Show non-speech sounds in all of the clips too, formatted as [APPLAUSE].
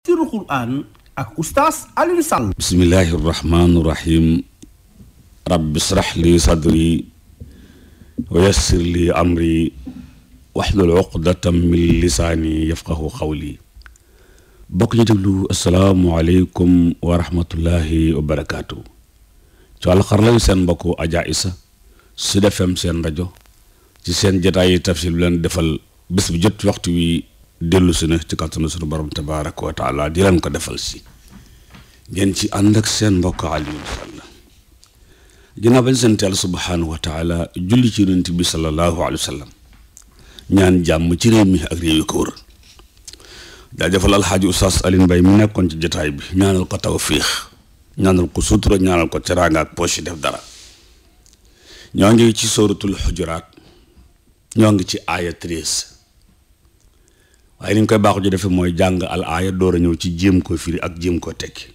tafsiru quraan ak oustaz Alioune Sall bismillahi irrahmani irrahim rabbi israh li sadri wa yassir li amri waxlul uqdatan min lisaani yafqahu qawli bokk ñu déglu asalaamualeykum wa rahmatullahi wa barakaatu ci seen mbokku Adja Isa Sud seen rajo ci seen jataayi tafsir bi leen defal bés bu jot waxtu dellu si na ci kàttanu sunu borom tabaaraka wa taala di leen ko defal si ngeen ci ànd ak seen mbokk Alioune Sall ginnaaw bañ sant Yàlla subhaanahu wa taala julli ci yonent bi sallallahu alayhi wa sallam ñaan jàmm ci réew mi ak réew yu ko wër jaajëfal alxaaji Oustaz Alioune Mbaye nekkoon ci jotaay bi ñaanal ko tawfiix ñaanal ko sutura ñaanal ko teraanga ak poche def dara ñoo ngi ci sóoratul xujuraat ñoo ngi ci aaya treize waaye ni ñu koy baaxu ji mooy jàng al aaya door a ñëw ci jéem ko firi ak jéem ko tekki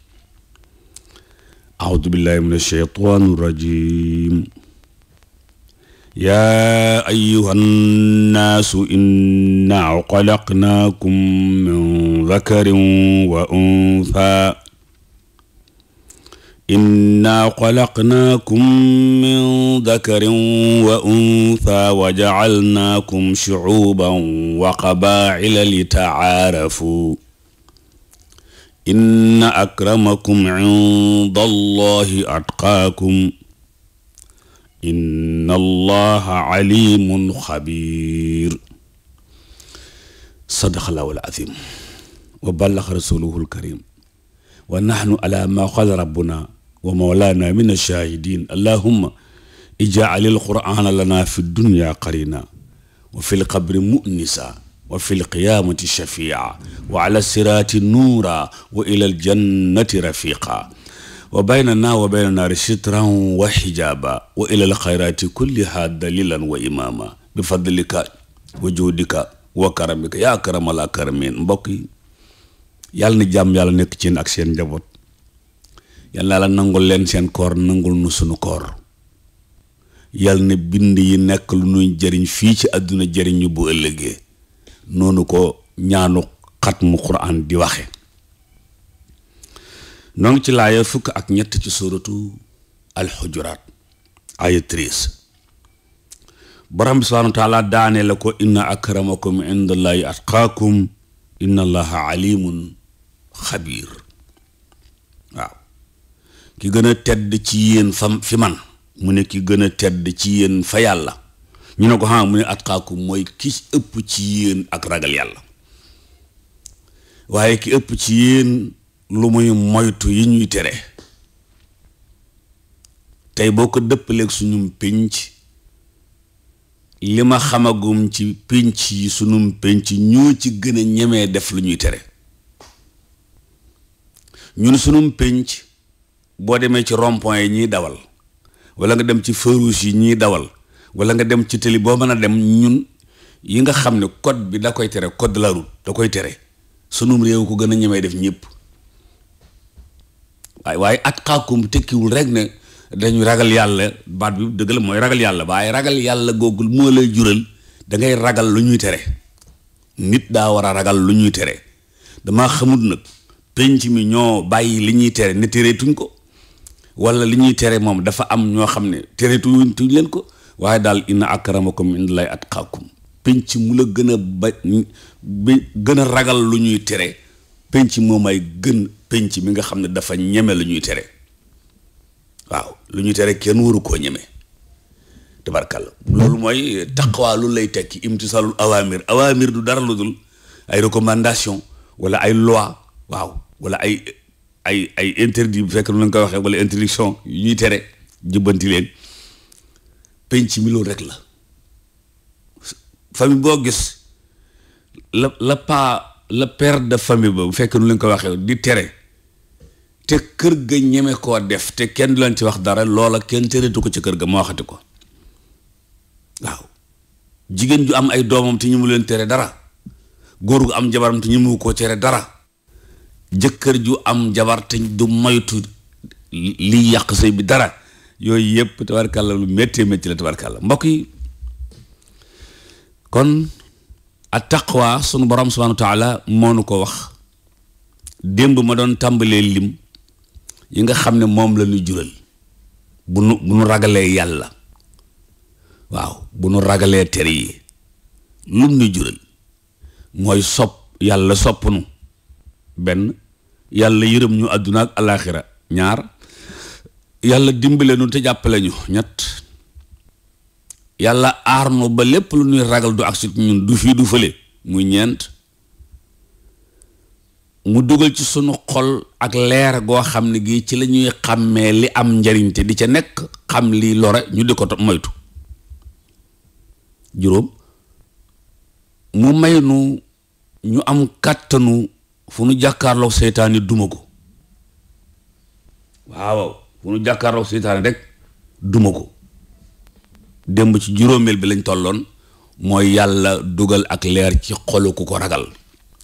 audu billahi min ashaytaani rajim yaa ayyuhan naasu min dakarin wa unfa inna xalaqnaakum min dakarin wa untha wa jacalnaakum shucuuban wa qabaa'ila litacaarafu inna akramakum cinda allahi atqaakum inna allaha caliimun xabiir sadaqa allahu al-caziim wa ballaga rasuuluhu al-kariim wa naxnu alaa maa qaala rabbunaa wa mawlaana min ash-shaahidin allahumma ij'al al-qur'ana lana fi dunya qarina wa fi l-qabri mu'nisa wa fi l-qiyaamati shafi'a wa 'ala s-siraati nuura wa ila l-jannati rafiqa wa baynana wa bayna naari sitran wa xijaaba wa ila alxayraati kulliha dalilan wa imaama bi fadlika wa juudika wa karamika yaa karamal akramin mbokk yi yàlla na jàmm yàlla nekk ci yéen ak seen njaboot yal na la nangul leen seen koor nangul nu sunu koor yal na bind yi nekk lu nuy jëriñ fii ci àdduna jëriñ ñu bu ëllëgee noonu ko ñaanu xatmu quran di waxe noo ngi ci laaya fukk ak ñett ci suratu alxujuraat aya treize borom bi subhaanahu wa taala daane la ko inna akramakum indallahi atqaakum inna allaha alimun ki gën a tedd ci yéen fa fi man mu ne ki gën a tedd ci yéen fa yàlla ñu ne ko xam mu ne atqaakum mooy ki ëpp ci yéen ak ragal yàlla waaye ki ëpp ci yéen lu muy moytu yi ñuy tere tey boo ko dëppaleek suñum pénc li ma xamagum ci pénc yi sunum pénc ñoo ci gën a ñemee def lu ñuy tere ñun sunum pénc boo demee ci rond yi ñuy dawal wala nga dem ci feu yi ñuy dawal wala nga dem ci tëli boo mën a dem ñun yi nga xam ne kod bi da koy tere kod de la da koy tere sunum réew ko gën a ñemee def ñëpp waaye waaye atqaakum tekkiwul rek ne dañuy ragal yàlla baat bi dëgg la mooy ragal yàlla waaye ragal yàlla googul moo lay jural da ngay ragal lu ñuy tere nit daa war a ragal lu ñuy tere damaa xamut nag penc mi ñoo bàyyi li ñuy tere ne tereetuñ ko wala li ñuy tere moom dafa am ñoo xam ne tere tuñ tuñ leen ko waaye daal inna akramakum indallaahi atqaakum penc mu la gën a ba gën a ragal lu ñuy tere penc moom ay gën penc mi nga xam ne dafa ñeme lu ñuy tere waaw lu ñuy tere kenn waru koo ñeme tabarkàlla loolu mooy taqwa lu lay tekki imtisaalul awaamir awaamir du dara lu ay recommandation wala ay loi waaw wala ay ay ay interdit bu fekk nu nga koy waxee wala interdiction yu ñuy tere jubbanti leen penc mi loolu rek la famille boo gis la la pa la père de famille ba bu fekk nu leen ko waxee di tere te kër ga ñeme koo def te kenn du ci wax dara loola kenn tereetu ko ci kër ga ma waxati ko waaw jigéen ju am ay doomam te ñu mu leen tere dara góor gu am jabaram te ñu mu ko cere dara jëkkër ju am jabar te du moytu liy yàq sëy bi dara yooyu yëpp tabarkàlla lu méttee métti la tabarkàlla mbokk yi kon at taqwa sunu borom subhanahu wa moo nu ko wax démb ma doon tàmbalee lim yi nga xam ne moom la ñu jural bu nu bu nu ragalee yàlla waaw bu nu ragalee ter yi lum nu jural mooy sopp yàlla sopp benn yàlla yërëm ñu àdduna ak alaaxira ñaar yàlla dimbale nu te jàppale ñu ñett yàlla aar nu ba lépp lu ñuy ragal du agsi du fii du fële muy ñeent mu dugal ci sunu xol ak leer goo xam ne gii ci la ñuy xàmmee li am njariñ te di ca nekk xam lii lore ñu di ko moytu juróom mu may nu ñu am kàttanu fu nu jàkkaarloog seytaane duma ko waaw fu nu jàkkaarloog seytaane rek duma ko démb ci juróomeel bi lañ tolloon mooy yàlla dugal ak leer ci xolu ku ko ragal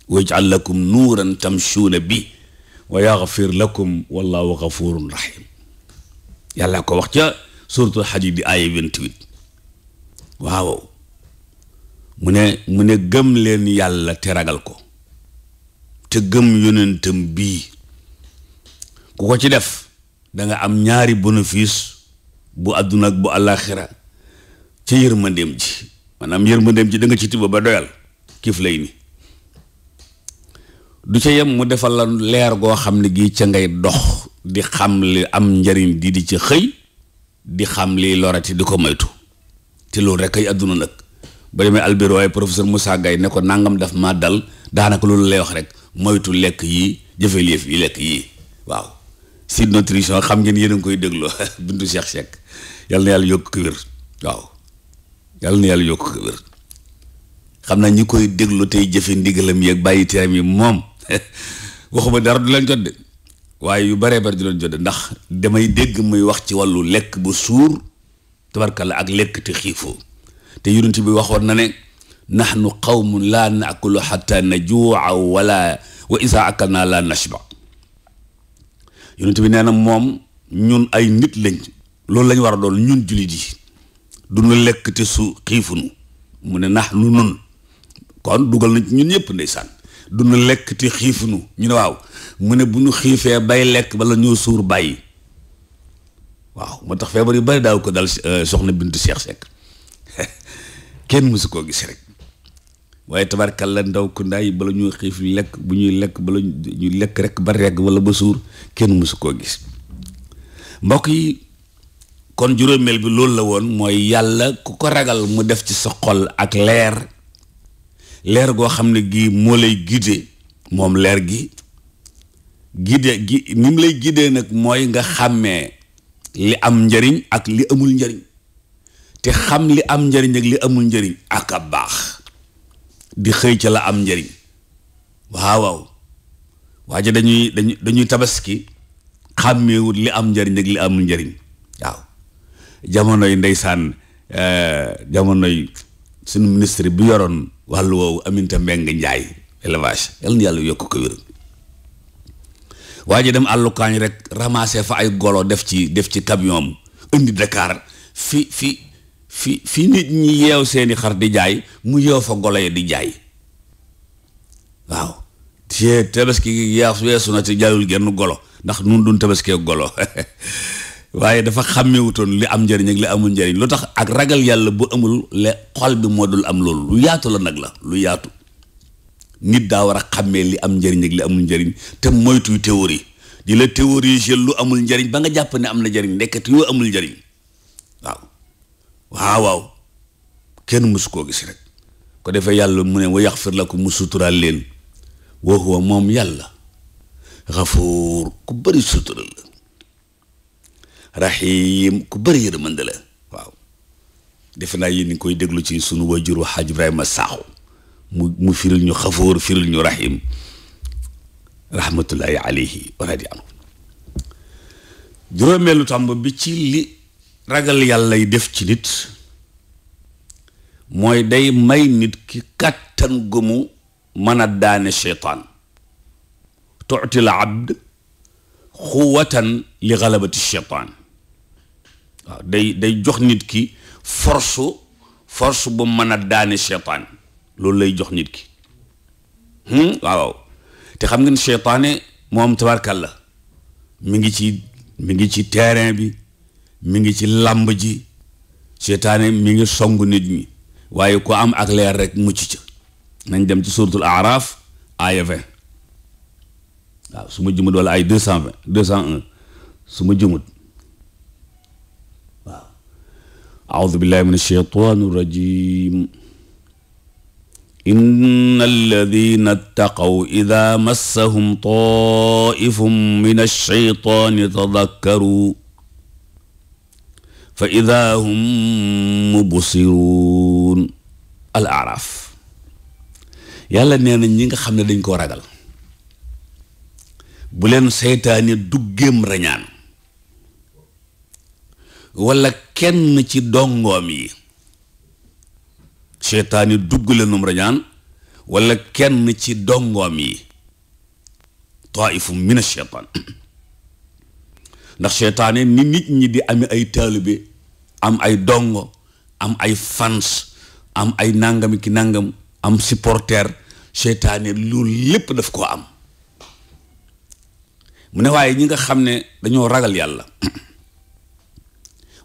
waj'al lakum nuuran tamshuuna bi wa yaxfir lakum wallahu gafurun yàlla ko wax ca suuratul Hadiid di aaya 28 waaw mu ne mu ne gëm leen yàlla te ragal ko te gëm yonentam bii ku ko ci def danga am ñaari bénéfice bu àdduna ak bu àllaaxira ca yërmandeem ji maanaam yërmandeem ji da nga ci tibb ba doyal kiif lay ni du ca yem mu defal la leer goo xam ne gi ca ngay dox di xam li am njariñ di di ca xëy di xam li lorati di ko moytu te loolu rek ay àdduna nag ba demee albiro waaye professeur Moussa Gaye ne ko nangam daf ma dal daanaka loolu lay wax rek moytu lekk yi jëfee liif lekk yi waaw si nutrition xam ngeen yéen a ngi koy dégloo [LAUGHS] bintu seex Cheikh yal na yàlla yokk ko wér waaw yal na yàlla yokk ko xam naa ñi koy déglu tey jëfe ndigalam yeeg bàyyi teram yi moom [LAUGHS] waxuma dara du leen jot de waaye yu baree bari du leen jot de ndax damay dégg muy wax ci wàllu lekk bu suur tabarkalla ak lekk te xiifoo te yonent bi waxoon na ne nahnu qawmun laa naakulu xata najuuca wala wa isa akalna laa nashba yonent bi nee na moom ñun ay nit lañ loolu lañ war a doon ñun jullit yi duñu lekk te su xiifunu mu ne nahnu nun kon dugal nañ ci ñun ñëpp ndeysaan duñu lekk te xiifunu ñu ne waaw mu ne bu ñu xiifee bay lekk bala ñoo suur bàyyi waaw moo tax feebar yu bari daal ko dal euh, soxna Bintu Cheikh Seck [LAUGHS] kenn mësu koo gis rek waaye la ndaw kundaay yi bala ñu xiif lekk bu ñuy lekk bala ñu lekk rek ba regg wala ba suur kenn mësu koo gis mbokk yi kon juróomeel bi loolu la woon mooy yàlla ku ko ragal mu def ci sa xol ak leer leer goo xam ne gii moo lay guider moom leer gi guider gi ni mu lay guider nag mooy nga xàmmee li am njariñ ak li amul njariñ te xam li am njariñ ak li amul njariñ ak a baax di xëy ca la am njariñ waaw waaw waa dañuy dañuy tabaski xàmmeewut li am njëriñ ak li amul njëriñ waaw jamonoy ndeysaan eh, jamonoy suñu ministre bi yoroon wàllu woowu Aminata Mbengue Ndiaye élevage yal na yàlla yokk ko wér waa dem àllukaañ rek ramasser fa ay golo def ci def ci camion indi Dakar fi fi fi fi nit ñi yeew seeni xar di jaay mu yeew fa golo ya di jaay waaw te tabaski gi yaa weesu na te jaayul genn golo ndax nun duñ tabaskee golo [LAUGHS] waaye dafa xàmmewutoon li am njëriñ ak li amul njëriñ lu tax ak ragal yàlla bu amul le xol bi am loolu yaatu la nag la lu yaatu nit daa war a xàmmee li am njëriñ ak li amul njëriñ te moytuy théorie di la théorie lu amul njëriñ ba nga jàpp ne am na njëriñ ndekete yoo amul njëriñ waaw waaw waaw kenn mësu koo gis rek ko defee yàlla mu ne wa yaxfir lakum mu suturaal leen wa huwa moom yàlla xafuur ku bëri sutura raxiim ku bëri yërmande la waaw defe naa yéen ngi koy déglu ci sunu wajur wa xaaj Ibrahima Sakho mu mu firil ñu xafuur firil ñu raxiim rahmatullahi alayhi wa radi anhu juróomeelu tàmb bi ci li ragal yàllay def ci nit mooy day may nit ki kàttan gumu mën a daane seytaan tuuti la abd xuwatan li galabati seytaan day day jox nit ki force force bu mën a daane seytaan loolu lay jox nit ki hmm? waaw te xam ngeen seytaane moom tabarkalla mi ngi ci mi ngi ci terrain bi mi ngi ci làmb ji seytaane mi ngi song nit ñi waaye ku am ak leer rek mucc ca nañ dem ci suratul aaraaf aaya vingt waaw su ma jumut wala ay deux cent vingt deux cent un su ma jumut waaw aoudu billahi min alsheytan arrajim inna alladina ittaqaw ida massahum taifum min alsheytani tadakkaru fa ida hum mubsiruun al araf yàlla nee na ñi nga xam ne dañ koo ragal bu leen seytaane duggeem rañaan wala kenn ci dongoom yi seytaane dugg leenum rañaan wala kenn ci dongoom yi taifum min a seytaan ndax seytaane ni nit ñi di ame ay taalibe am ay dongo am ay fans am ay nangami ki nangam am supporter seytaane loolu lépp daf koo am mu ne waaye ñi nga xam ne dañoo ragal yàlla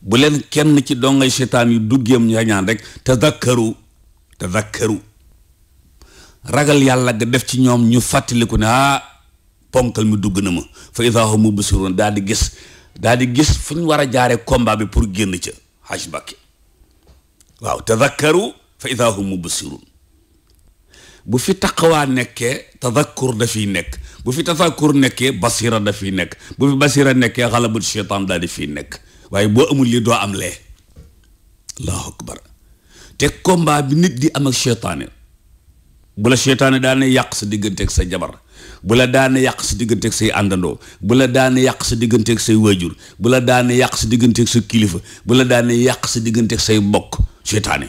bu leen kenn ci dongay seytaan yu duggeem ña ñaan rek tazakkaru tazakkaru ragal yàlla ga def ci ñoom ñu fàttaliku ne ah ponkal mi dugg na ma fa iza hum mubsirun daal di gis daal di gis fu ñu war a jaaree combat bi pour génn ca xaj Mbàkke waaw tadakkaru fa ida hum mubsirun bu fi taqawaa nekkee tadakkur dafiy nekk bu fi tadakkur nekkee basira dafiy nekk bu fi basira nekkee xalabut cheytaan daal di fiy nekk waaye boo amul li doo am lee allahu akbar te combat bi nit di am ak cheytaane bu la seytaane daane yàq sa digganteeg sa jabar bu la daane yàq sa digganteeg say àndandoo bu la daane yàq sa digganteeg say waajur bu la daane yàq sa digganteeg sa kilifa bu la daane yàq sa digganteeg say mbokk seytaane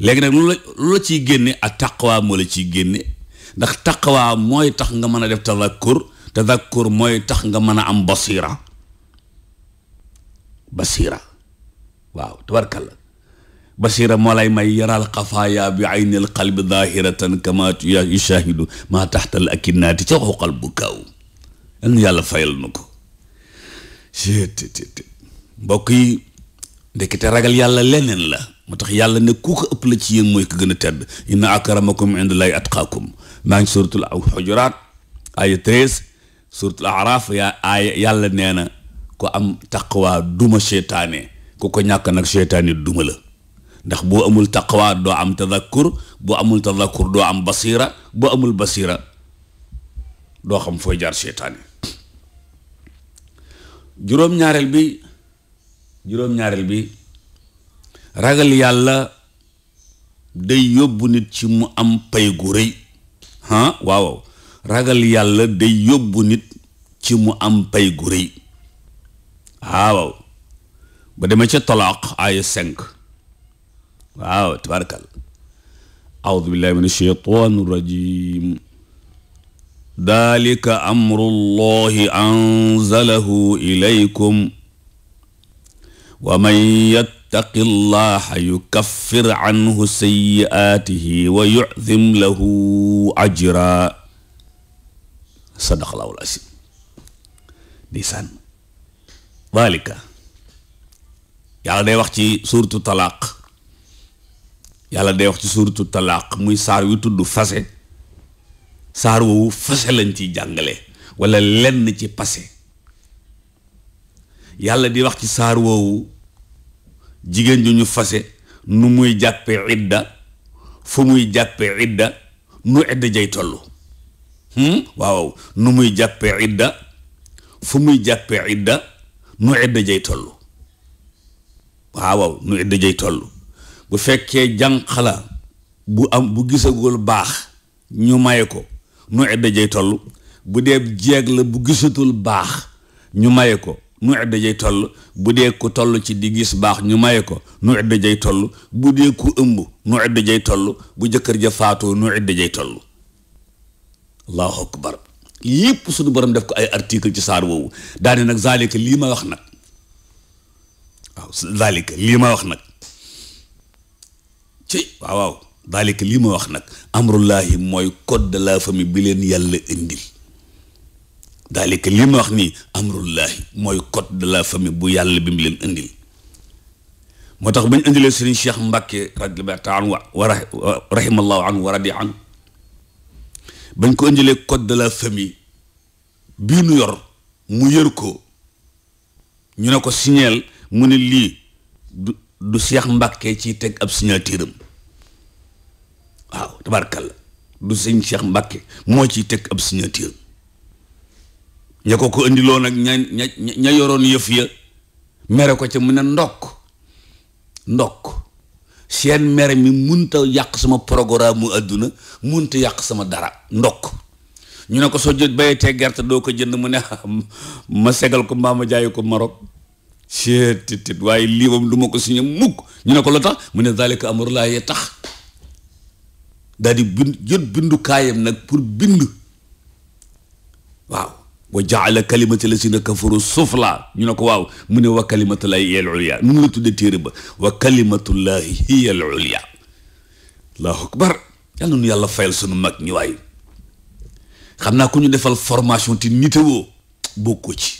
léegi nag lu la lu la ciy génne ak taqwa moo la ciy génne ndax taqwa mooy tax nga mën a def tadakkur tadakkur mooy tax nga mën a am basira basira waaw tabarkalla basira moo lay may yaral xafaaya bi aynil qalbi zahiratan kama yushahidu ma taxta al akinnaati ca waxu xal bu kaaw yal na yàlla fayal nu ko mbokk yi ndekete ragal yàlla leneen la moo tax yàlla ne ku ko ëpp la ci yéen mooy ko gën a tedd inna akramakum indallahi maa ngi suratul xujuraat aya treize suratul araaf yàlla nee na ko am taqwa duma seytaane ku ko ñàkk nag seytaane duma la ndax boo amul taqwa doo am tadakkur boo amul tadakkur doo am basira boo amul basira doo xam fooy jaar seytaane juróom-ñaareel bi juróom-ñaareel bi ragal yàlla day yóbbu nit ci mu am pay gu rëy waaw ragal yàlla day yóbbu nit ci mu am pay gu rëy waaw ba demee ca talaaq ay cinq waaw tabarakal aoudu billahi min asheytan rajim dalika amru llahi anzalahu ilaykum wa man yattaqi llaha yukaffir anhu sayyi'atihi wa yu'zim lahu ajra sadaqallahu al-azim ndeysaan dalika yàlla day wax ci suuratu talaaq yàlla day wax ci suuratu talaaq muy saar wi tudd fase saar woowu fase lañ ciy jàngale walla lenn ci pase yàlla di wax ci saar woowu jigéen ju ñu fase nu muy jàppe idda fu muy jàppe idda nu idda jay tollu hmm? waaw nu muy jàppe idda fu muy jàppe idda nu idda jay tollu tollu bu fekkee jànq la bu am bu gisagul baax ñu maye ko nu idda jay toll bu dee jeeg la bu gisatul baax ñu maye ko nu idda jay toll bu dee ku toll ci di gis baax ñu maye ko nu idda toll bu ëmb nu idda jay toll bu jëkkër ja faatoo nu idda jay toll allahu akbar yépp suñu borom def ko ay article ci saar boobu daane nag zalika lii ma wax nag waaw zalika lii ma wax nag ci waaw waaw daalika lii ma wax nag amrullahi mooy code de la famille bi leen yàlla indil daalika lii ma wax nii amrullahi mooy code de la famille bu yàlla bi mu leen indil moo tax bañ indilee sëriñ Cheikh Mbacke radiyallahu ta'ala anhu wa rahimallahu bañ ko indilee code de la famille bii nu yor mu yër ko ñu ne ko signeel mu ne lii du Cheikh Mbacke ci teg ab signature am waaw tabarkalla du sëñ Cheikh Mbacke moo ciy teg ab signature ña ko ko indiloon ak ña ña ña yoroon yëf ya mere ko ca mu ne ndokk ndokk seen mere mi munta yàq sama programme mu àdduna munta yàq sama dara ndokk ñu ne ko soo jot bayee te gerte doo ko jënd mu ne [LAUGHS] ma segal ko mbaa ma jaayi ko Maroc seet tit tit waaye lii moom du ma ko signé mukk ñu ne ko la tax mu ne zalika amru laa yee tax daal di bind jot nag pour bind waaw wa jaala ñu ne ko waaw mu ne wa kalimatullahi hiya tuddee téere ba wa kalimatullahi allahu akbar yàlla nu yàlla fayal sunu mag ñi waay xam naa ku ñu defal formation ti nitewoo bokkoo ci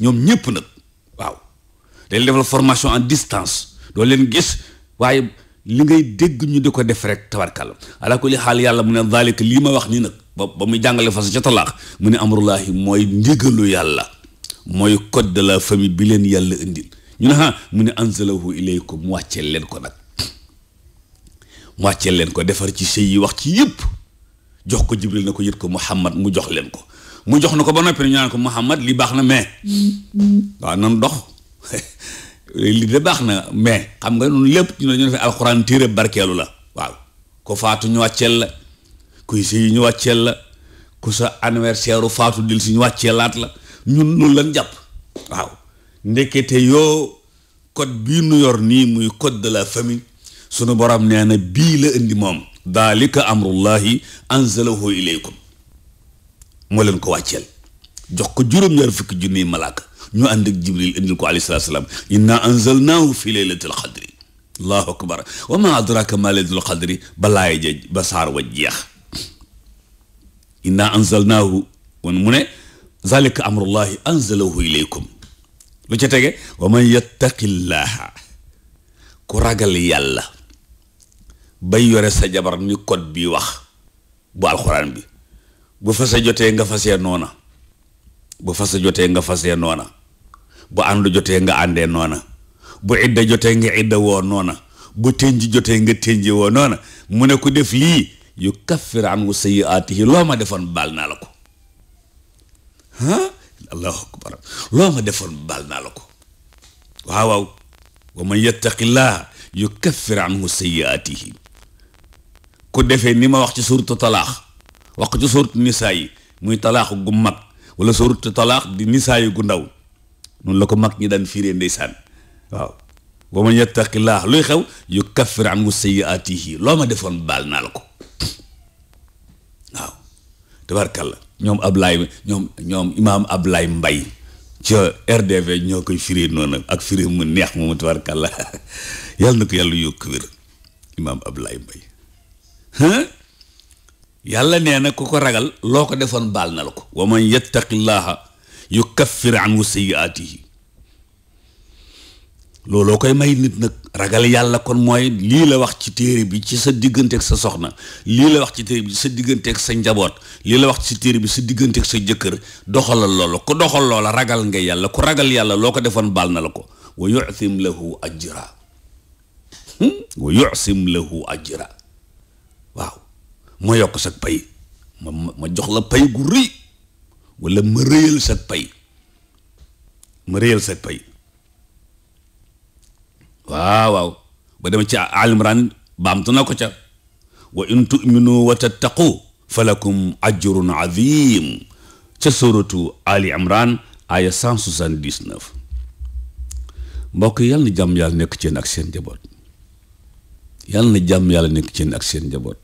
ñoom ñépp nag dañ defal formation en distance doo leen gis waaye li ngay dégg ñu di ko def rek tabarkàlla ala kulli xaal yàlla mu ne daalika lii ma wax nii nag ba ba muy jàngale fas ca talaax mu ne amrullahi mooy ndigalu yàlla mooy code de la famille bi leen yàlla indi ñu ne ah mu ne anzalahu ilaykum mu wàccee leen ko nag mu wàccee leen ko defar ci sëy yi wax ci yëpp jox ko jibril na ko yët ko muhammad mu jox leen ko mu jox na ko ba noppi ñu naan ko muhammad li baax na mais mm, mm. waaw nan dox [LAUGHS] lii de baax na mais xam nga ñun lépp ñu ne ñu defee alxuraan téere barkeelu la waaw ko faatu wàcceel la kuy si ñu wàcceel la ku sa anniversaire u faatu dil si ñu wàcceelaat la ñun loolu lañ jàpp waaw ndekete yoo code bii nu yor nii muy code de la famille sunu borom nee na bii la indi moom daalika amrullahi anzalahu ilaykum moo leen ko wàcceel jox ko juróom-ñaar fukki junniy malaaka ñu ànd ak jibril indil ko alayhi salaam inna anzalnaahu fi laylatil allahu akbar wa ma adraka ma laylatul qadri ba laay ja ba saar wa jeex inna anzalnaahu wan mu ne zalika amrullahi anzalahu ilaykum lu ca tege wa man yattaqillaha ku ragal yàlla ba yore sa jabar ni code bi wax bu alxuraan bi bu fase jotee nga fasee noona bu fase jotee nga fasee noona bu ànd jotee nga àndee noona bu idda jotee nga idda woo noona bu tënji jotee nga tënji woo noona mu ne ku def lii yu kaffir anhu sayyi'aatihi loo ma defoon baal naa la ko ah allahu akbar loo ma defoon baal naa la ko waaw waaw wa man yattaqillah yu ku defee ni ma wax ci suurtu talaax wax ci suurtu nisaa yi muy talaax gu mag wala suurtu talaax di nisaa yi gu ndaw noonu la ko mag ñi daan fiiree ndeysaan waaw wa man yattaqillah luy xew yu kaffir anhu sayyi'atihi loo ma defoon baal naa la ko waaw tabarkalla ñoom Ablaye ñoom ñoom imaam Ablaye Mbay ca ñoo koy firee noonu ak firee mu neex moomu tabarkalla [LAUGHS] ko yàlla yokk wér imaam Mbay yàlla nee na ku ko ragal loo ko defoon baal na la ko wa man yattaqillaha yukaffir anhu sayyi'aatihi looloo koy may nit nag ragal yàlla kon mooy lii la wax ci téere bi ci sa digganteeg sa soxna lii la wax ci téere bi sa digganteeg sa njaboot lii la wax ci téere bi sa digganteeg sa jëkkër doxalal loola ku doxal loola ragal nga yàlla ku ragal yàlla loo ko defoon baal na la ko wa yu'sim lahu ajra hmm? wa yu'sim lahu ajra waaw ma yokk sag pay ma ma jox la pay gu rëy wala ma rëyal sa pay ma rëyal sa pay waaw waaw ba dama ci Al Imran baamtu na ko ca wa in tuminu wa tattaqu falakum ajrun azim ca suratu Ali Imran aya 179 mbokk yàlla na jàmm yàlla nekk ci yéen ak seen njaboot yàlla na jàmm yàlla nekk ci ak seen njaboot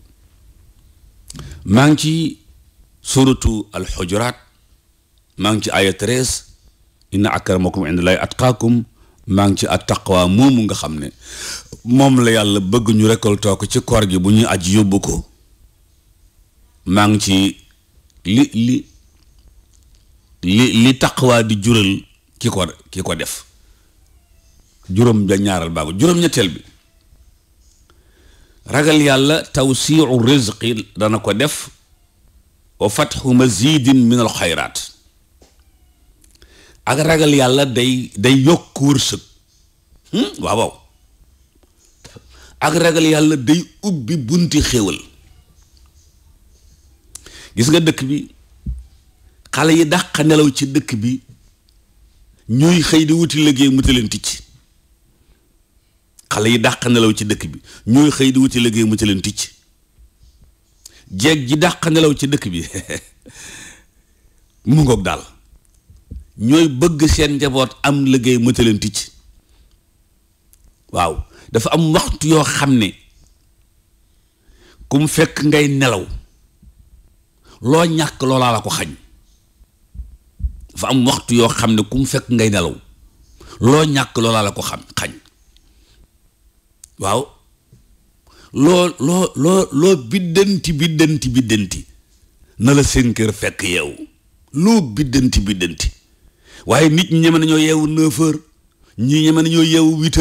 maa ngi ci suratu al xujuraat maa ngi ci aaya treize inna akramakum indallahi atqaakum maa ngi ci at taqwa moomu nga xam ne moom la yàlla bëgg ñu récolter ko ci koor gi bu ñuy aj yóbbu ko maa ngi ci li li li li taqwa di jural ki ko def juróom ja ñaaral baagu juróom-ñetteel bi ragal yàlla tawsiu rizqi dana ko def wa fatxu mazidin min al ak ragal yàlla day day yokk wërsëg hmm? waaw waaw ak ragal yàlla day ubbi bunti xéwal gis nga dëkk bi xale yi dàq nelaw ci dëkk bi ñooy xëy di wuti liggéey mu leen ticc xale yi dàq nelaw ci dëkk bi ñooy xëy di wuti liggéey mu leen ticc jeeg ji dàq nelaw ci dëkk bi [LAUGHS] mu ngoog daal ñooy bëgg seen njaboot am liggéey mëtalanti ci waaw dafa am waxtu yoo xam ne kum fekk ngay nelaw loo ñàkk loolaa la ko xañ dafa am waxtu yoo xam ne kum fekk ngay nelaw loo ñàkk loolaa la ko xam xañ waaw loo loo loo loo biddanti biddanti biddanti na la seen kër fekk yow loo biddanti biddanti waaye nit ñi ñeme nañoo yeewu neuf heures ñii ñeme nañoo yeewu huit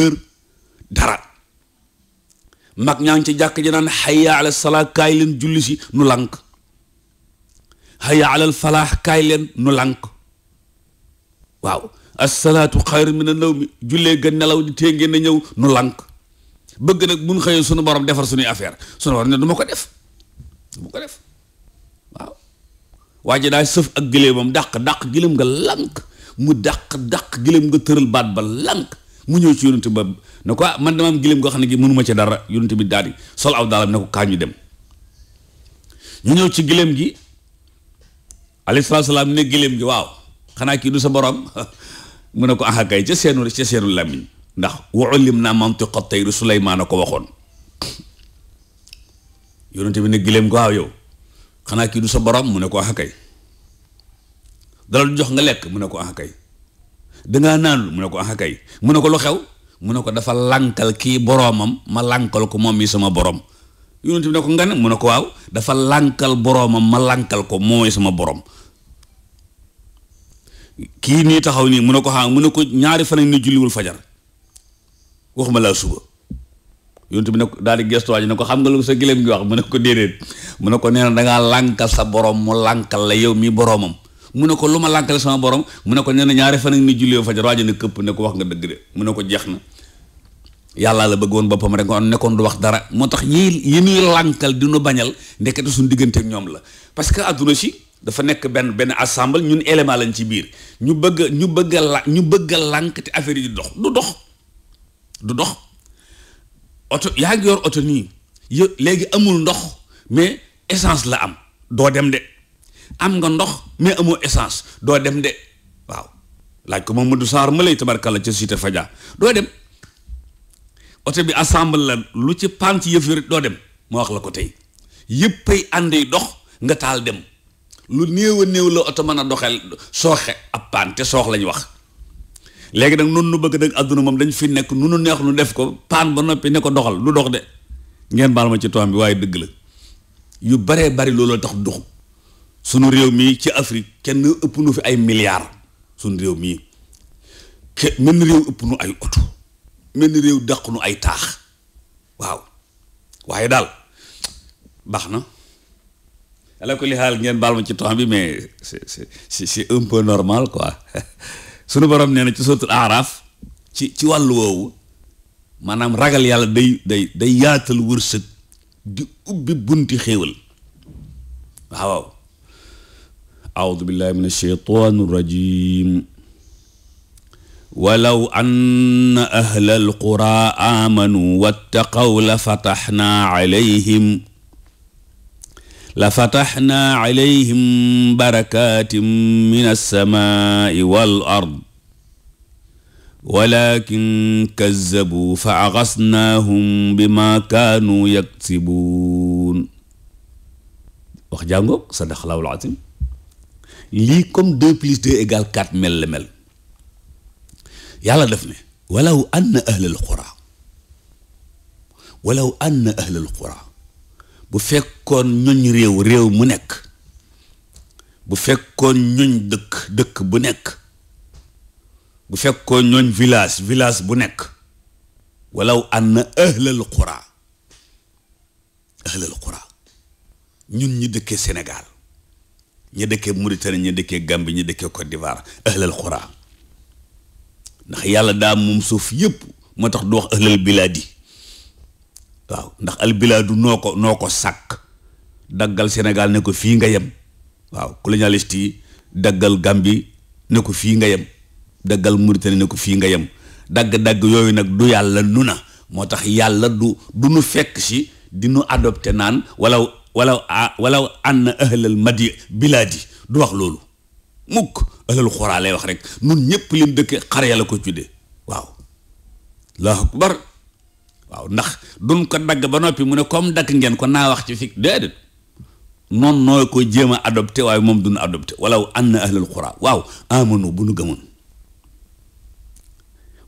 dara mag ñaa ngi ci jàkk ji naan hayya ala salaa kaay leen julli si nu lànk hayya alal falaax kaay leen nu lànk waaw assalaatu xayru mina nawmi jullee gën nelaw di tee ngeen na ñëw nu lànk bëgg nag mun xëyee sunu borom defar suñuy affaire sunu borom ne du ko def du ko def waaw waa ji daa sëf ak gëléemam dàq dàq gëléem nga lànk mu dàq dàq gëléem nga tëral baat ba lànk mu ñëw ci yonent ba ne ko ah, man dama am goo xam ne gi mënuma ci dara yonent bi daal di sol aw ñu dem ñëw ci gëléem gi alayhi salaatu salaam gi waaw xanaa kii du sa borom mu ne ko ah kay ca seenu ca seenu làmmiñ ndax wa ullimnaa mantiqa tayri Suleymaan a ko waxoon yonent bi ne gëléem ko xanaa kii du sa borom mu ne ko ah dala du jox nga lekk mu ne ko ah kay dangaa naanul mu ne ko ah ne ko lu xew mu ne ko dafa lànkal kii boroomam ma lànkal ko moom mi sama borom yonent bi ne ko nga ne ne ko waaw dafa lànkal boroomam ma lànkal ko mooy sama borom kii nii taxaw nii mu ne ko xaa mu ne ko ñaari fan ni julliwul fajar waxuma laa suba yonent bi ne daal di gestuwaay ne ko xam nga lu sa gileem gi wax mu ne ko déedéet mu ne ko nee na dangaa lànkal sa borom mu lànkal la yow mi boroomam mu ne ko lu ma lànkale sama borom mu ne ko nee na ñaari fan ak ni julli fajar waajo ne këpp ne ko wax nga dëgg de mu ne ko jeex na yàllaa la bëggoon boppam rek nga nekkoon du wax dara moo tax yi yi ñuy lànkal di nu bañal ndekete suñu diggante ñoom la parce que àdduna si dafa nekk benn benn assemblée ñun élément lañ ci biir ñu bëgg ñu bëgg a la ñu bëgg a lànk te affaire yi di dox du dox du dox oto yaa ngi yor oto nii yë léegi amul ndox mais essence la am doo dem de am nga ndox mais amoo essence doo dem de waaw laaj ko moom Mamadou Sarr ma lay tabarkalla ca Cité Fadia doo dem oto bi assemble la lu ci pan ci yëf doo dem ma wax la ko tey yëppay ànd yi dox nga taal dem lu néew néew la oto mën a doxel sooxe ab paan te soox lañ wax léegi nag noonu nu bëgg nag àdduna moom dañ fi nekk nu nu neex nu def ko paan ba noppi ne ko doxal lu dox de ngeen baal ma ci toom bi waaye dëgg la yu baree bari loolu tax doxu sunu réew mii ci Afrique kenn ëpp nu fi ay milliards sunu réew mii ke mel réew ëpp nu ay oto mel réew dàq nu ay taax waaw waaye daal baax na ala ko li xaal ngeen baal ma ci temps bi mais c'est c'est un peu normal quoi [LAUGHS] sunu borom nee na ci suratul Araf ci ci wàll woowu maanaam ragal yàlla day day day yaatal wërsëg di ubbi bunti xéewal waaw. أعوذ بالله من الشيطان الرجيم ولو أن أهل القرى آمنوا واتقوا لفتحنا عليهم لفتحنا عليهم بركات من السماء والأرض ولكن كذبوا فأغصناهم بما كانوا يكسبون wax jàngo sadaqallaahu al-aziim lii comme deux plus deux égale mel la mel yàlla def ne walaw anna ahlal qura walaw anna ahlal qura bu fekkoon ñuñ réew réew mu nekk bu fekkoon ñuñ dëkk dëkk bu nekk bu fekkoon ñooñ village village bu nekk walaw anna ahlal qura ahlal qura ñun ñi dëkkee Sénégal ñi dëkkee Mauritanie ñi dëkkee Gambie ñi dëkkee Côte d'Ivoire ahlal xuraa ndax yàlla daa moom suuf yëpp moo tax du wax ahlal bilaadi waaw ndax al bilaadu noo ko noo ko sàkk daggal Sénégal ne ko fii nga yem waaw colonialiste yi daggal Gambie ne ko fii nga yem daggal Mauritanie ne ko fii nga yem dagg-dagg yooyu nag du yàlla nu na moo tax yàlla du du nu fekk si di nu adopté naan wala walaw a walaw ànn ahlal madi bilaadi du wax loolu mukk ahlal xuraa lay wax rek nun ñépp lim dëkk xar ya la ko tuddee waaw allahu akbar waaw ndax duñ ko dagg ba noppi mu ne comme dagg ngeen ko naa wax ci fig déedéet noonu noo ko jéem a adopté waaye moom duñ adopté walaw ànn ahlal xuraa waaw amanu bu nu gëmoon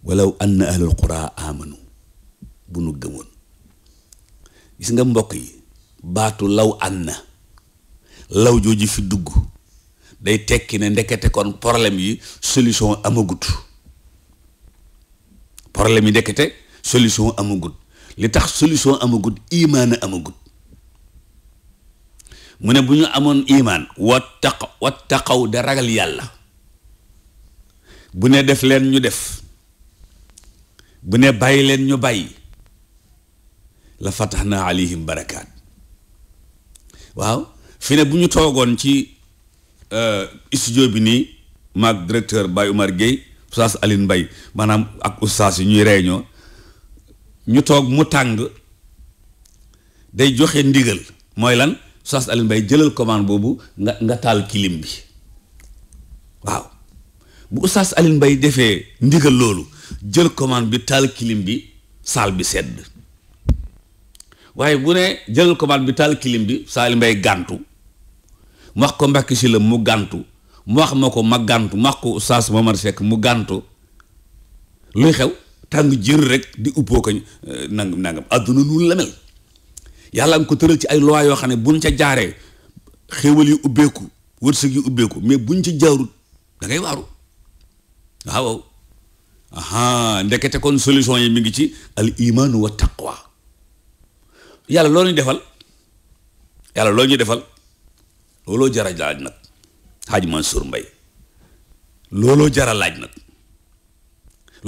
walaw anna ahlul qura amanu bu nu gëmoon gis nga mbokk yi baatu law na law jooju fi dugg day tekki ne ndekete kon problème yi solution amagut problème yi ndekete solution amagut li tax solution amagut imaan amagut mu ne bu ñu amoon imaan wattaq wattaqaw da ragal yàlla bu ne def leen ñu def bu ne bàyyi leen ñu bàyyi la fatax naa alayhim barakaat waaw fi bu ñu toogoon ci euh, studio bi nii maag directeur Baye Umar Gueye oustaz Aline Mbaye maanaam ak oustaz yu ñuy réunion ñu toog mu tàng day joxe ndigal mooy lan oustaz Aline Mbaye jëlal commande boobu nga nga taal kilim bi waaw bu oustaz Aline Mbaye defee ndigal loolu jël commande bi taal kilim bi saal bi sedd waaye bu ne jëlal commande bi taal kilim bi saali mbay gàntu mu wax ko mbàkki si la mu gàntu mu wax ma ko ma gàntu mu wax ko Oustaz Momar Seck mu gàntu luy xew tàng jër rek di uppoo ko euh, nangam nangam àdduna noonu la yàlla nga ko tëral ci ay loi yoo xam ne buñ ca jaaree xéewal yu ubbeeku wërsëg yu mais buñ ci jaarut da waaru waaw ndekete kon solution yi mi ngi ci al imaanu wa taqwa yàlla loolu ñu defal yàlla loo ñu defal looloo jara laaj nag xaaj Mansour Mbay looloo jara laaj nag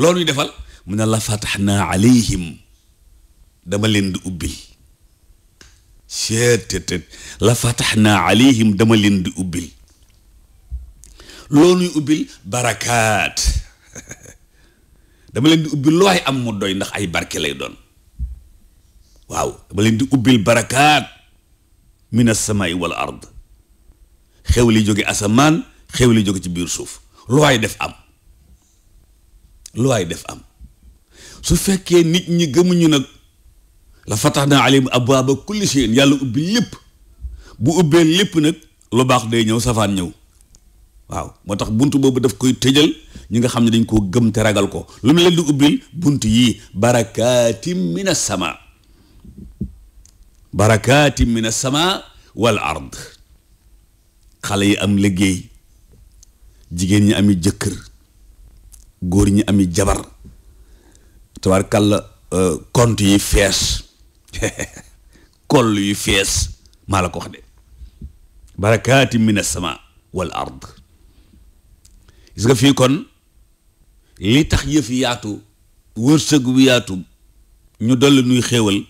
loolu defal mu na la fataxnaa alayhim dama leen di ubbil seetet la fataxnaa alayhim dama leen di ubbil loolu ñu ubbil barakaat [LAUGHS] dama leen di ubbil loo ay am mu doy ndax ay barke lay doon waaw dama leen di ubbil barakaat mina samaai wal ard xew li jóge asamaan xew li jóge ci biir suuf lu waay def am lu waay def am su fekkee nit ñi gëmuñu nag la fataxnaa alayhim abwaaba kulli shay'in yàlla ubbi lépp bu ubbee lépp nag lu baax day ñëw safaan ñëw waaw moo tax bunt boobu daf koy tëjal ñi nga xam ne dañ koo gëm te ragal ko lu mu leen di ubbil bunt yii barakaatim mina sama barakaati min as-samaa wal ard xale yi am liggéey jigéen ñi ami jëkkër góor ñi ami jabar tabarkàlla euh, compte yi fees [LAUGHS] koll yu fees maa la ko wax de barakaati min as-samaa wal ard gis nga fii kon li tax yëf yaatu wërsëg bu yaatu ñu dolli nuy xéewal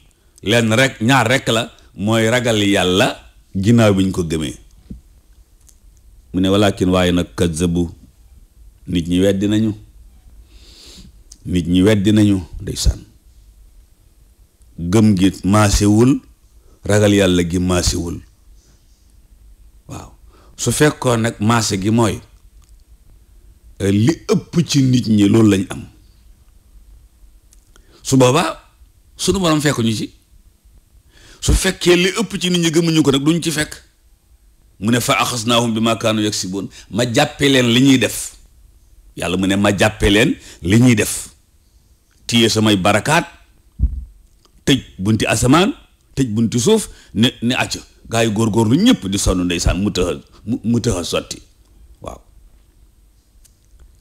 lenn rek ñaar rekk la mooy ragal yàlla ginnaaw bi ñu ko gëmee mu ne walaakin waaye nag kazzabu nit ñi weddi nañu nit ñi weddi nañu ndeysaan gëm gi maasewul ragal yàlla gi maasewul waaw su fekkoon nag maase gi mooy eh, li ëpp ci nit ñi loolu lañ am su boobaa sunu borom fekkuñu ci su fekkee li ëpp ci nit ñu gëmuñu ko nag duñ ci fekk mu ne fa axasnaahum bi ma kaanu yaksibuun ma jàppe leen li ñuy def yàlla mu ne ma jàppe leen li ñuy def téye samay barakaat tëj bunti asamaan tëj bunti suuf ne ne acc gaa yi góorgóorlu ñëpp di sonnu ndeysaan mu tëx mu tëx a sotti waaw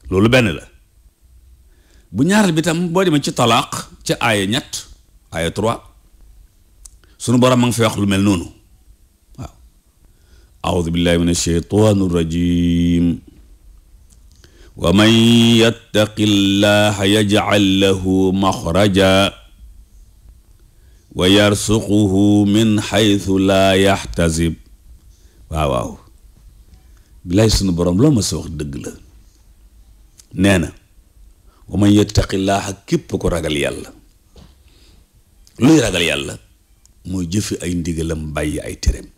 loolu benn la bu ñaaral bi tam boo demee ci talaaq ca aaya ñett aaya trois sunu borom ma ngi fay wax lu mel noonu waaw aoudu billahi min asheytaani rajim wa man yattaqi llaha yajcal lahu maxraja wa yarsuquhu min xaytu laa yaxtasib waaw waaw billaay sunu borom loo ma sa wax dëgg la nee na wa man yattaqi llaaha képp ko ragal yàlla luy ragal yàlla mooy jëfe ay ndigalam bàyyi ay tereem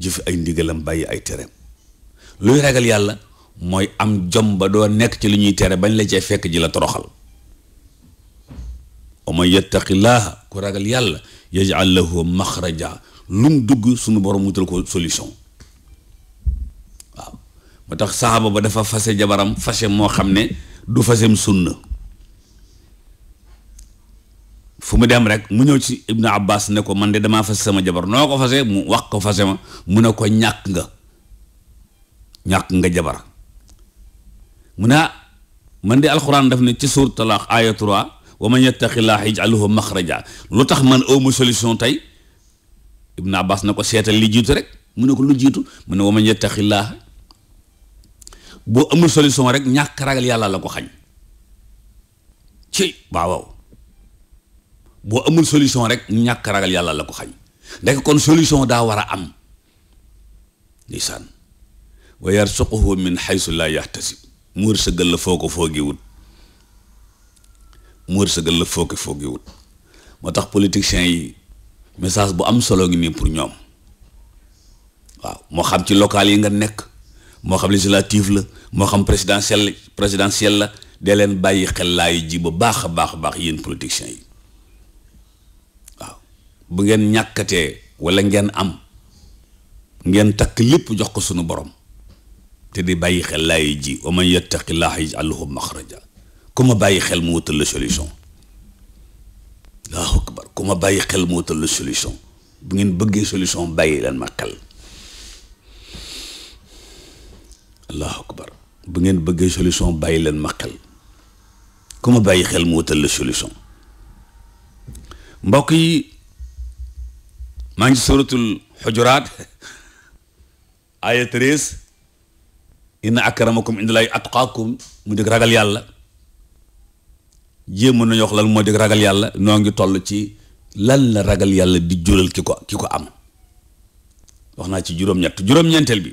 jëfe ay ndigalam bàyyi ay tereem luy ragal yàlla mooy am jom ba doo nekk ci lu ñuy tere bañ la cee fekk ji la toroxal wa man yattaqillaaha ku ragal yàlla yaj'al lahu maxraja lu mu dugg suñu borom wutal ko solution waaw moo tax saxaaba ba dafa fase jabaram fase moo xam ne du fasem sunna fu mu dem rek mu ñëw ci ibnu abbas ne ko man de damaa fas sama jabar noo ko fase mu wax ko fase ma mu ne ko ñàkk nga ñàkk nga jabar mu ne man de alxuraan def ne ci suur talaax aya 3 wa man yattaqillaaha yaj'alhu maxraja lu tax man awma solution tey ibnu abbas ne ko seetal li jiitu rek mu ne ko lu jiitu mu ne wa man yattaqillaaha boo amul solution rek ñàkk ragal yàlla la ko xañ ci waaw boo amul solution rek ñàkk ragal yàlla la ko xañ ndek kon solution daa war a am nisaan wa yarsuquhu min xaysu laa yaxtasib mu wërsëgal la foo ko foogiwut mu wërsëgal la foo ko foogiwut moo tax politiciens yi message bu am solo ngi nii pour ñoom waaw moo xam ci locale yi nga nekk moo xam législative la moo xam présidentielle présidentielle la dee leen bàyyi xel laay ji ba baax a baax a baax yéen politiciens yi bu ngeen ñàkkatee walla ngeen am ngeen takk lépp jox ko sunu borom te di bàyyi xel laay ji wa man yattaqillaaha yaj'al lahu maxraja ku ma bàyyi xel mu wutal la solution allahu akbar ku ma bàyyi xel moo tëll la solution bu ngeen bëggee solution bàyyi leen ma xel allahu ngeen bëggee solution bàyyi leen ma ku ma bàyyi xel mu wutal solution mbokk yi maa ngi suratul xujuraat aya 13 inna akramakum indallaahi atqaakum mu dëgg ragal yàlla jéem nañu wax lal moo dëgg ragal yàlla noo ngi toll ci lan la ragal yàlla di julal ki ko ki ko am wax naa ci juróom-ñett juróom-ñeenteel bi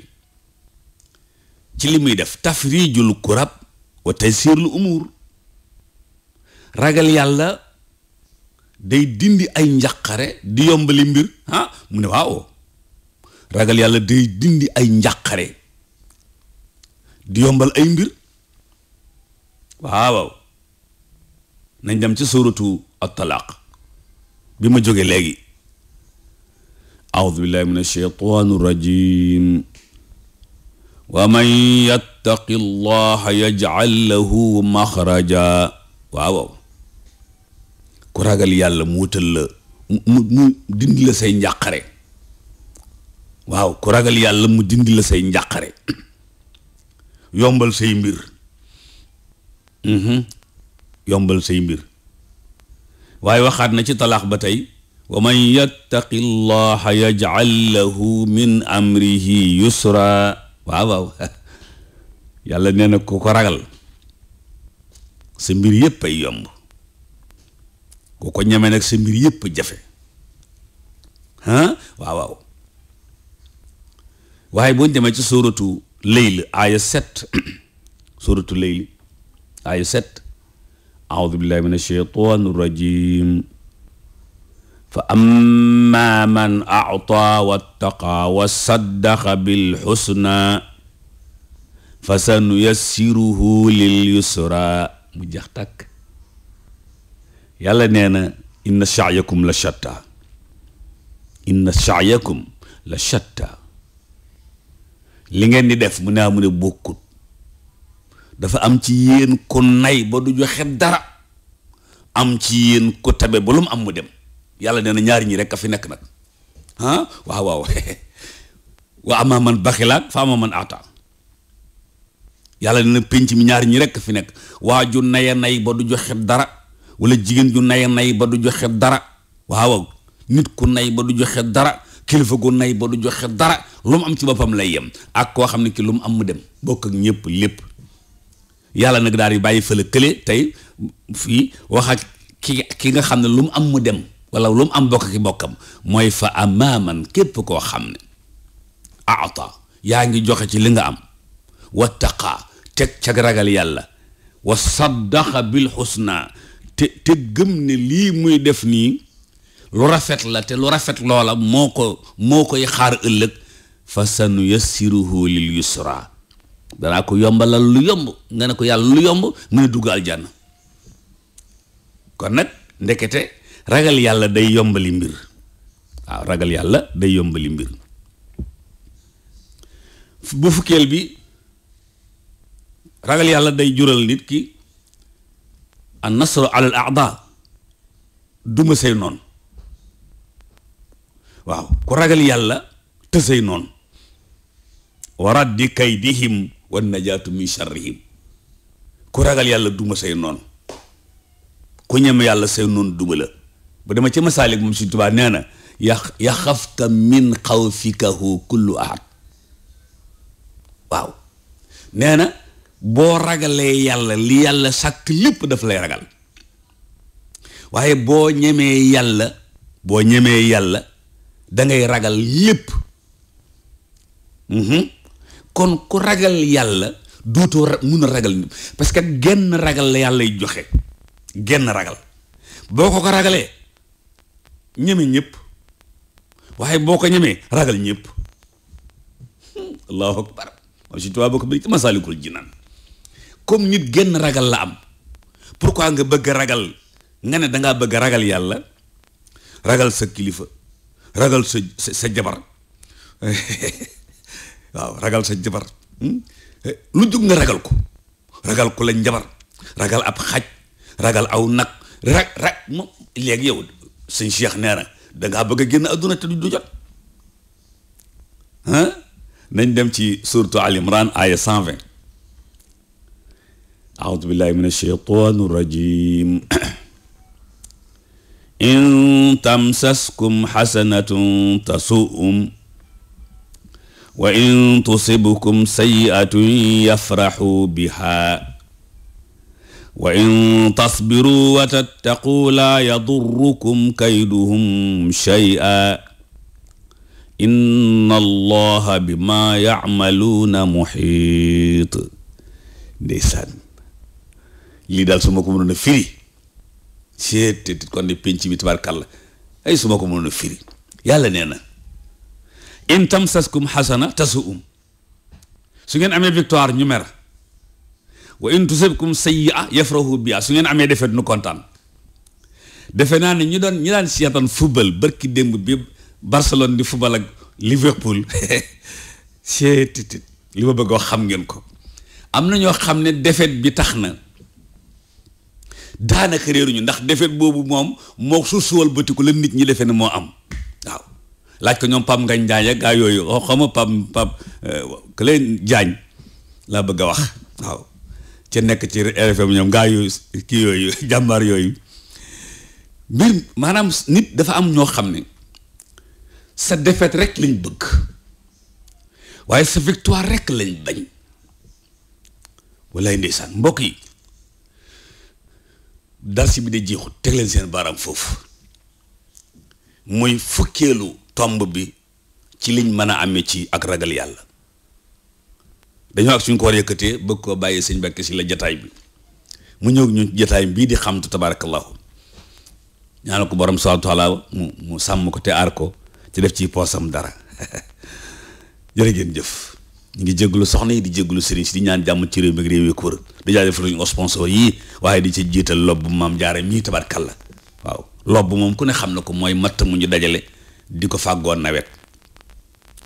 ci li muy def tafrijul kurab wa taysirul umur ragal yàlla day dindi ay njàqare di yombali mbir ah mu ne waaw ragal yàlla day dindi ay njàqare di yombal ay mbir waaw nañ dem ci suuratu at bi ma jóge léegi a'udhu billahi minash shaitanir rajim wa man yattaqi llaha yaj'al waaw ku ragal yàlla mu wutal la mu mu dindi la say njàqare waaw ku ragal yàlla mu dindi la say njàqare [COUGHS] yombal say mbir mm-hmm. yombal say mbir waaye waxaat na ci talaax ba tey wa man yattaqi llaha yaj'al lahu min amrihi yusra waaw waaw [LAUGHS] yàlla nee na ku ko ragal sa mbir yépp ay yomb ku ko ñeme nag sa mbir yëpp jafe ah waaw waaw waaye boo demee ci sóoratu Layl aaya sept sóoratu [COUGHS] Layl aaya sept aoudu billahi min ashaytani rajim fa amma man a'ta wattaqa wa saddaqa bil husna fa sanuyassiruhu lil yusra mu jax yàlla nee na inna sha'yakum la shatta inna sha'yakum la shatta li ngeen di def mu ne mu ne bokkut dafa am ci yéen ko nay ba du joxe dara am ci yéen ko tabe ba lu mu am mu dem yàlla nee na ñaari ñi rek a fi nekk nag ah waaw waaw [LAUGHS] wa ama man baxilaak fa a man ata yàlla nee na pénc mi ñaari ñi rekk fi nekk waa ju naya nay ba du joxe dara wala jigéen ju nay nay ba du joxee dara waaw nit ku nay ba du joxe dara kilifa gu nay ba du joxe dara lu mu am ci boppam lay yem ak koo xam ne ki lu mu am mu dem bokk ak ñëpp lépp nag daal di bàyyi fële kële tey fii wax ak ki nga xam ne lu mu am mu dem wala lu mu am bokk ki bokkam mooy fa amaaman képp koo xam ne aata yaa ngi joxe ci li nga am wattaqa teg cag ragal yàlla wa saddaqa bil xusna te te gëm ne lii muy def nii lu rafet la te lu rafet loola moo ko moo koy xaar ëllëg fa sanu yassiruhu lil yusra danaa ko yombalal lu yomb nga ne ko yàlla lu yomb mën a dugg aljanna kon nag ndekete ragal yàlla day yombali ragal yàlla day yombali mbir bu fukkeel bi ragal yàlla day jural nit ki an nasru ala al aada duma say noonu waaw ku ragal yàlla te say noonu wa raddi kaydihim wa najaatu min sharrihim ku ragal yàlla duma say noonu ku ñem yàlla say noonu duma la ba dama ci masaalik moom si tubaa nee na ya yaxafta min xawfikahu kullu ahad waaw nee na boo ragalee yàlla li yàlla sàkk lépp daf lay ragal waaye boo ñemee yàlla boo ñemee yàlla dangay ragal lépp mhm. kon ku ragal yàlla dootoo mun a ragal lépp parce que genn ragal yàllay joxe genn ragal boo ko ko ragalee ñeme ñëpp waaye boo ko ñemee ragal ñëpp hmm, allahu akbar am comme nit génn ragal la am pour pourquoi nga bëgg ragal nga ne dangaa bëgg ragal yàlla ragal sa kilifa ragal sa sa jabar [LAUGHS] waaw ragal sa jabar hmm? eh, lu jug nga ragal ko ragal ko lañ jabar ragal ab xaj ragal aw nag rag rag moom léegi yow sëñ Cheikh nee na dangaa bëgg génn adduna te du jot nañ dem ci surtout Al Imran aya 120 أعوذ بالله من الشيطان الرجيم إن تمسسكم حسنة تسؤهم وإن تصبكم سيئة يفرحوا بها وإن تصبروا وتتقوا لا يضركم كيدهم شيئا إن الله بما يعملون محيط ndeysaan lii daal su ma ko mënoon a firi ay su ma ko mënoon a firi yàlla nee na in tamsaskum xasana tasuum su ngeen amee victoire ñu mer wa in tusibkum sayyi'a yafrahu biha su ngeen amee defet nu kontaan defe naa ni ñu doon ñu daan seetaan football barki démb bi Barcelone di football ak Liverpool seet [LAUGHS] li ma bëgg wax xam ngeen ko am na ñoo xam ne defet bi tax na daanaka réeruñu ndax defet boobu moom moo su suwal bëtiku la nit ñi defe na moo am waaw laaj ko ñoom Pam Ngañ Jaañ ak gaa yooyu xam Pam Pam ku leen Jaañ laa bëgg a wax ah. waaw ca nekk ci RFM ñoom gaa yu kii yooyu [LAUGHS] jàmbaar yooyu mbir maanaam nit dafa am ñoo xam ne sa défaite rek lañ bëgg waaye sa victoire rek lañ bañ wallaay ndeysaan mbokk yi darsi bi de jeexut teg leen seen baaraam foofu muy fukkeelu tomb bi ci liñ mën a amee ci ak ragal yàlla dañoo ak suñ ko war yëkkatee bëgg koo bàyyi sëñ Mbàkke si la jataay bi mu ñëw ñu jataay bii di xamtu tabaarakallaahu ñaanal ko borom subhaanahu wa taala mu sàmm ko te aar ko ci def ci poosam dara [LAUGHS] jërë ngeen jëf ñu ngi jégalu soxna yi di jégalu sëriñ si di ñaan jàmm ci réew mi ak réew yi ko wër di jaajëfal waaye di ci jiital lobb maam jaare mii tabarkalla waaw lobb moom ku ne xam na ko mooy matt mu ñu dajale di ko fàggoo nawet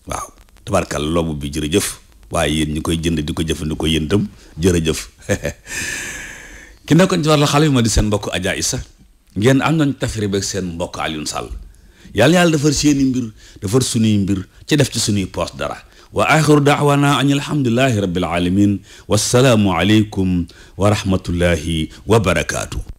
waaw tabarkalla lobb bi jërëjëf waaye yéen ñu koy jënd di ko jëfandikoo yéen itam jërëjëf [LAUGHS] ki nekkoon ci xale bi ma di seen mbokk Adja Issa ngeen am nañ tafari seen mbokk Alioune Sall yàlla yàlla defar seeni mbir defar suñuy mbir ci def ci sunuy poos dara wa axiru daawana an alhamdulilahi rabbil alamin wassalaamu aleykum wa rahmatullahi wa barakaatu